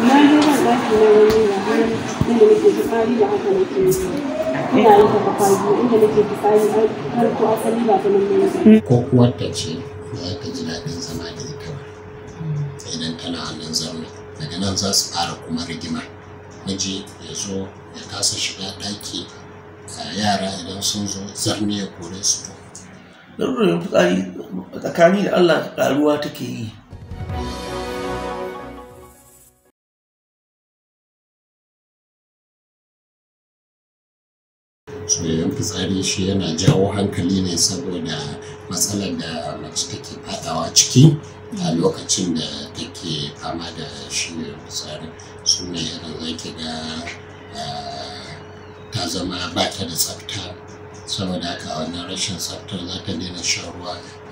na je ban ɗaki na da da ina ko asali ta ne ce za ka ji daɗin zama da ita ba idan tana hannun zaune daga nan za su fara kuma rigima miji ya zo ya kasa shiga ɗaki yara idan sun zo zarni ya kore su to. Lalurar fitsari tsakani da Allah ƙaruwa take yi. fitsari shi yana jawo hankali ne saboda matsalar da mace take fadawa ciki a lokacin da take fama da shirin fitsari su ne irin zaki ga ta zama ba ta da tsafta saboda haka a wannan rashin tsaftar za ta daina shan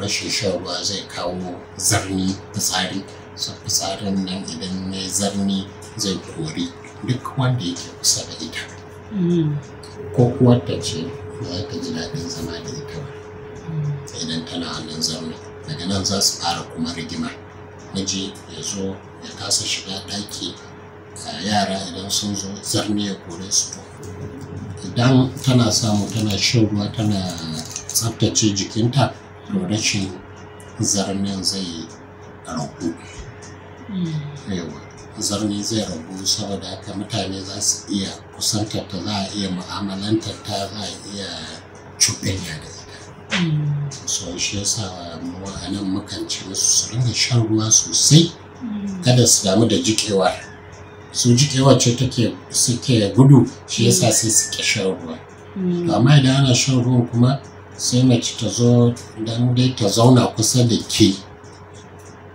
rashin shan ruwa zai kawo zarni fitsari fitsarin nan idan ya zarni zai kori duk wanda yake kusa da ita mm. ko kuwarta ce ba za ka ji daɗin zama da ita ba idan tana nan zaune daga nan za su fara kuma rigima miji ya zo ya kasa shiga ɗaki yara idan sun zo zarne ya kore su to idan tana samu tana shan ruwa tana tsaftace jikinta to rashin zarnen zai ragu zarni zai ragu saboda haka mutane za su iya kusantar ta za a iya mu'amalantar ta za a iya cuɗanya da ita so shi yasa mu a nan mukan ce musu su rinka shan ruwa sosai kada su damu da jikewa su jikewa ce take suke gudu shi yasa sai suke shan ruwa to amma idan ana shan ruwan kuma sai mace ta zo dan dai ta zauna kusa da ke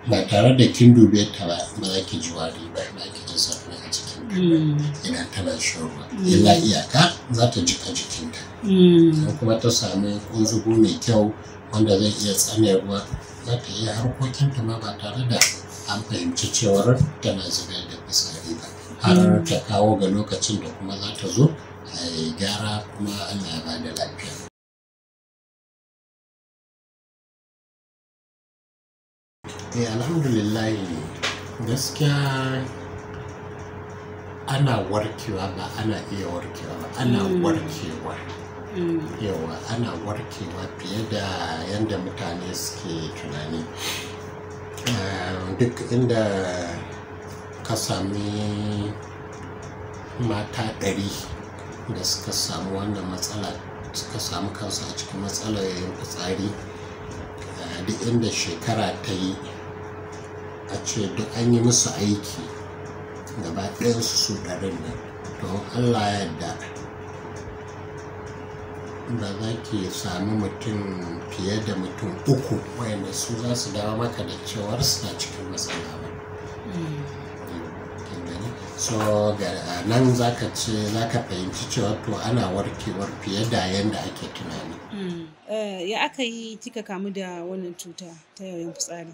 ba tare da kin dube ta ba ba za ki ji wari ba ba ki ji zafi a cikin mm. idan tana shan ruwa mm. illa iyaka za ta jika jikinta ta mm. kuma ta sami kunzugu mai kyau wanda zai iya tsane ruwa za ta iya harkokinta ma ba tare da an fahimci cewar tana zubar da fitsari ba har ta kawo ga lokacin da kuma za ta zo a gyara kuma Allah ya ba da lafiya eh alhamdulillah gaskiya ana warkewa ba ana iya warkewa ba ana mm. warkewa mm. yawa ana warkewa fiye da yadda mutane suke tunani eh, duk inda ka sami mata ɗari da suka samu wannan matsala suka samu kansu a cikin matsalar yin fitsari eh, duk inda shekara ta yi a ce duk an yi musu aiki gaba ɗayansu su ɗarin nan to allah ya yarda da za ki sami mutum fiye da mutum uku wayanda su za su dawo maka da cewar suna cikin matsala ba hmm. so ga nan za ka ce za ka fahimci cewa to ana warkewar fiye da yadda ake tunani hmm. eh, ya aka yi kika kamu da wannan cuta ta yoyon fitsari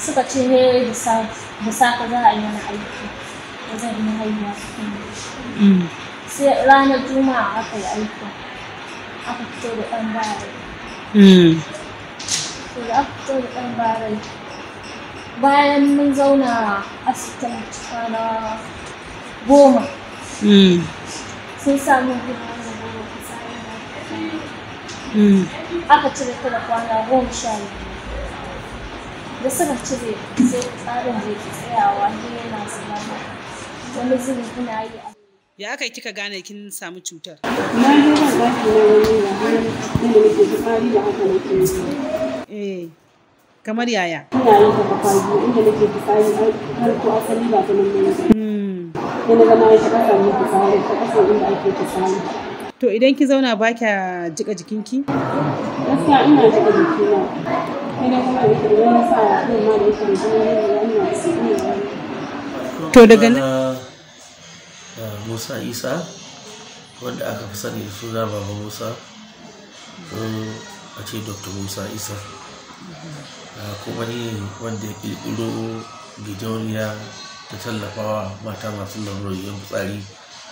suka ce ne da safe za a yi wani aiki da zan yi haihuwa cikin sai ranar juma'a aka yi aiki aka fito da ɗan barai to da aka fito da ɗan barai bayan mun zauna asibitin kwana goma sun samu gudunar goma kusa aka cire ta da kwana goma sha biyu da suka cire sai tsarin da ke tsayawa ne yana zama wani zubi ina yi a ya aka kika gane kin samu cutar na yi ban daki na wani na har inda nake fitsari da haka nake yi eh kamar yaya ina yin ta kafa biyu inda nake fitsari har ko asali ba ta nan ne hmm. sai na zama ya ta kasa fitsari ta kasa inda ake fitsari to idan ki zauna ba kya jika jikinki gaskiya ina jika jikina to daga nan musa isa wanda aka fi sani da suna baba musa a ce dr musa isa ah, kuma ne wanda ya ƙirƙiro gidauniya ta tallafawa mata masu lamuroyin fitsari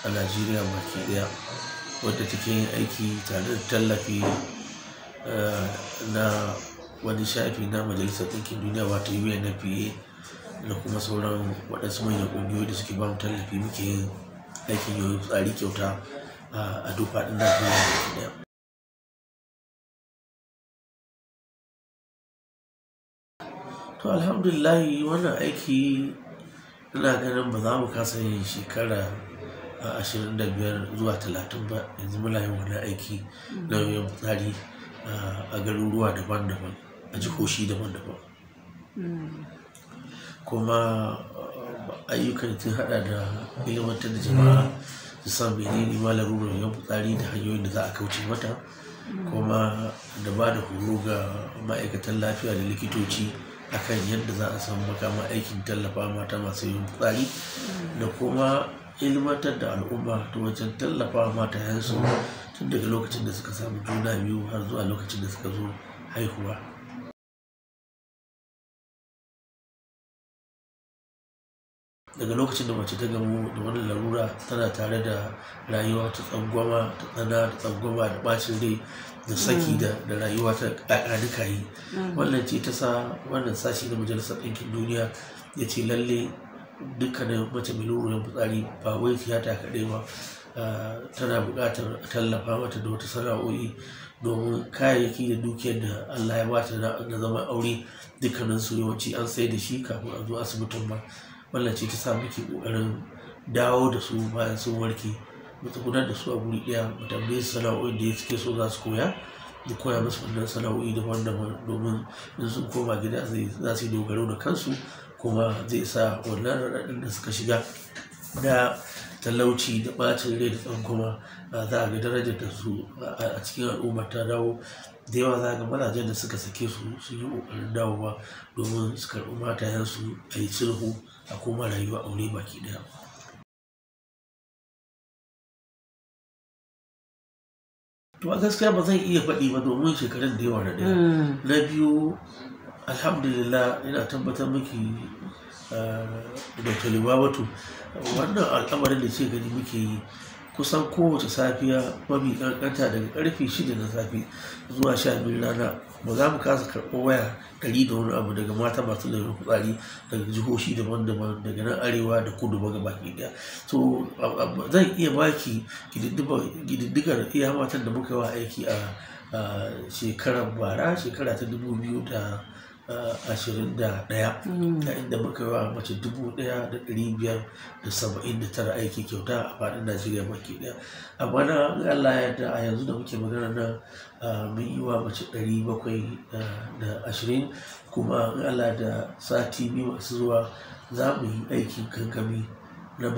a najeriya baki daya wadda take yin aiki tare da tallafi ah, na wani shafi na majalisar ɗinkin duniya wato UNFPA da kuma sauran waɗansu manyan ƙungiyoyi da suke bamu tallafi muke yin aikin yau tsari kyauta a duk faɗin Najeriya ɗaya. To alhamdulillahi wannan aiki ina ganin ba za mu kasa yin shekara ashirin da biyar zuwa talatin ba yanzu muna wani aiki na yau tsari a garuruwa daban-daban. a jihohi daban-daban kuma uh, ayyukan sun hada da ilimantar da jama'a su san ne ma larurar yan fitsari da hanyoyin da za a kauce mata kuma da ba da horo ga ma'aikatan lafiya da likitoci akan yadda za a samu makama aikin tallafa mata masu yin fitsari da kuma ilmantar da al'umma ta wajen tallafa mata yansu tun daga lokacin da suka samu juna biyu har zuwa lokacin da suka zo haihuwa daga lokacin da mace ta gamu da wani larura tana tare da rayuwa ta tsangwama ta tsana da tsangwama da bacin rai da saki da rayuwa ta ƙaƙanuka yi mm. wannan ce ta sa wannan sashi na majalisar ɗinkin duniya ya ce lalle dukkanin mace mai lururin fitsari ba wai tiyata kaɗai ba tana buƙatar tallafa mata da wata sana'o'i domin kayayyaki da dukiyar da Allah ya bata na zama aure dukkanin su yawanci an sai da shi kafin a zo asibitin ba wannan ce ta sa muke ƙoƙarin dawo da su bayan sun warke mu gudanar da su a guri ɗaya mu tambaye su sana'o'in da suke so za su koya mu koya musu wannan sana'o'i daban-daban domin in sun koma gida za su dogaro da kansu kuma zai sa wannan raɗaɗin da suka shiga da talauci da ɓacin rai da ba ah, za a ga darajar da su a cikin al'ummar ta dawo da yawa za a ga mazajen da suka sake su sun yi ƙoƙarin dawowa domin su karɓi su a yi sulhu a koma rayuwa aure baki ɗaya to a gaskiya ba zan iya faɗi ba domin shekarun da yawa na ɗaya hmm. na biyu alhamdulillah ina tabbatar miki ah, da talibabatu wannan al'amarin da ce gani muke yi kusan kowace safiya mafi kankanta daga karfe shida na safi zuwa sha biyu rana ba za mu kasa karɓo waya ɗari da wani abu daga mata masu laifin kutsari daga jihohi daban-daban daga nan arewa da kudu ba baki ɗaya to zan iya baki gididdigar iya matan da muka yi wa aiki a shekarar bara shekara ta dubu biyu da ashirin da ɗaya mm. da inda muka yi wa mace dubu ɗaya da ɗari biyar da saba'in da tara aiki kyauta a faɗin najeriya baki ɗaya amma na allah ya yarda a yanzu da muke magana na ah, mun yi wa mace ɗari bakwai ah, da ashirin kuma allah da sati biyu masu zuwa za mu yi aikin kankami na ah,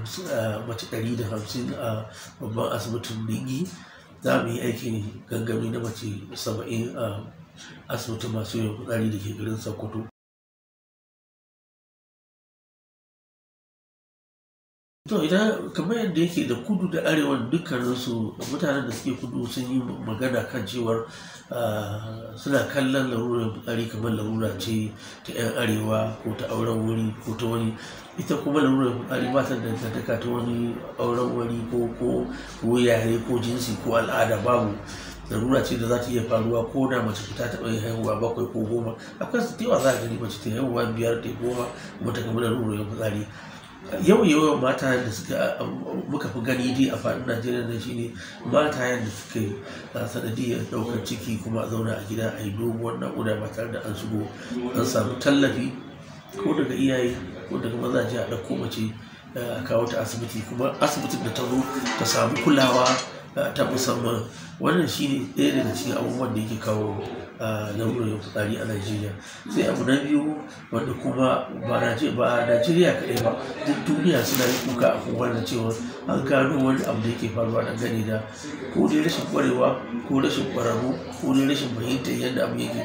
mace ɗari da hamsin a babban asibitin ningi za mu yi aikin gangami na mace saba'in a asibitin masu yin fitsari da ke garin sokoto to idan kamar yadda yake da kudu da arewa dukkaninsu mutanen da suke kudu sun yi magana kan cewar ah, suna kallon larurar bukari kamar larura ce ta 'yan arewa ko ta auren wuri ko ta wani ita kuma larurar bukari ba ta dangantaka ta wani auren wuri ko ko yare ko jinsi ko al'ada babu zarura ce da za ta iya faruwa ko da mace ta taɓa haihuwa bakwai ko goma akwai su tewa za a gani mace ta haihuwa biyar ta goma kuma ta gama larura yin fitsari yau yau mata da suka muka fi gani dai a faɗin najeriya shi shine mata yadda suka yi sanadiyar ɗaukar ciki kuma a zauna a gida a yi doguwar naƙuda ba tare da an shigo an samu tallafi ko daga iyaye ko daga mazaje a ɗauko mace a kawo ta asibiti kuma asibitin da ta zo ta samu kulawa ta musamman wannan shi ne ɗaya daga cikin abubuwan da yake kawo lamurin fitsari a najeriya sai abu na biyu wanda kuma ba najeriya kaɗai ba duk duniya suna yi kuka a kuma wannan cewa an gano wani abu da yake faruwa gani da ko dai rashin kwarewa ko rashin kwararru ko dai rashin fahimtar yadda abu yake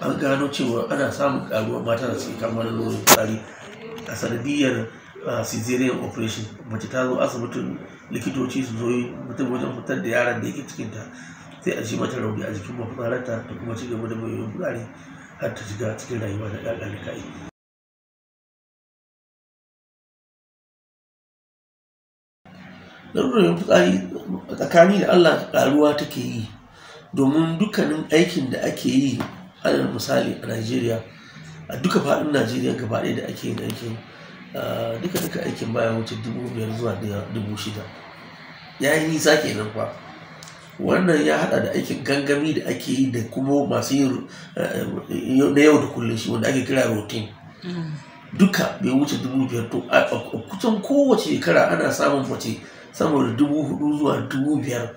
an gano cewa ana samun karuwa mata da suke kamar da lori a sanadiyar a cesarean operation mace ta zo asibitin likitoci su zo mutum wajen fitar da yaran da yake cikinta sai a ji mata rauni a jikin mafitsararta da kuma ci gaba da mai yawan har ta shiga cikin rayuwa da ƙarƙar kai yin fitsari tsakani da allah karuwa take yi domin dukkanin aikin da ake yi alal misali a najeriya a duka faɗin najeriya gaba ɗaya da ake yin aikin Eh, duka duka aikin baya wuce dubu biyar zuwa dubu shida ya yi nisa kenan fa wannan ya hada da aikin gangami da ake yi da kuma masu yi eh, na yau da kullum shi wanda ake kira rotin mm. duka bai wuce dubu biyar to a kusan kowace shekara ana samun mace sama da dubu hudu zuwa dubu biyar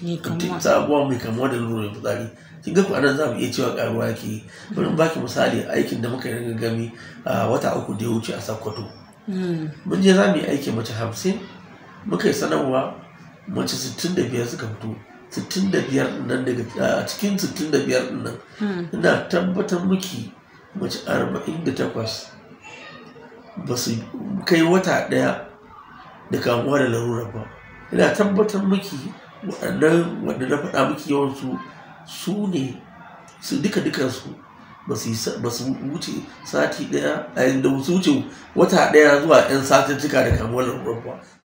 duk sabuwa mai kamuwa da lura fitsari kin ga kuwa nan za mu iya cewa karuwa yake yi bari baki misali aikin da muka yi gami a wata uku da ya wuce a sakkwato hmm. mun je za mu yi aikin mace hamsin muka yi sanarwa mace sittin da biyar suka fito sittin da biyar nan daga a cikin sittin da biyar nan hmm. ina tabbatar miki mace arba'in da takwas ba su kai wata ɗaya da kamuwa da larurar ba ina tabbatar miki waɗannan wanda na faɗa miki yawansu su ne su duka dukansu ba su wuce sati ɗaya a yadda su wuce wata ɗaya zuwa 'yan satin cika da kamuwar ruwan ba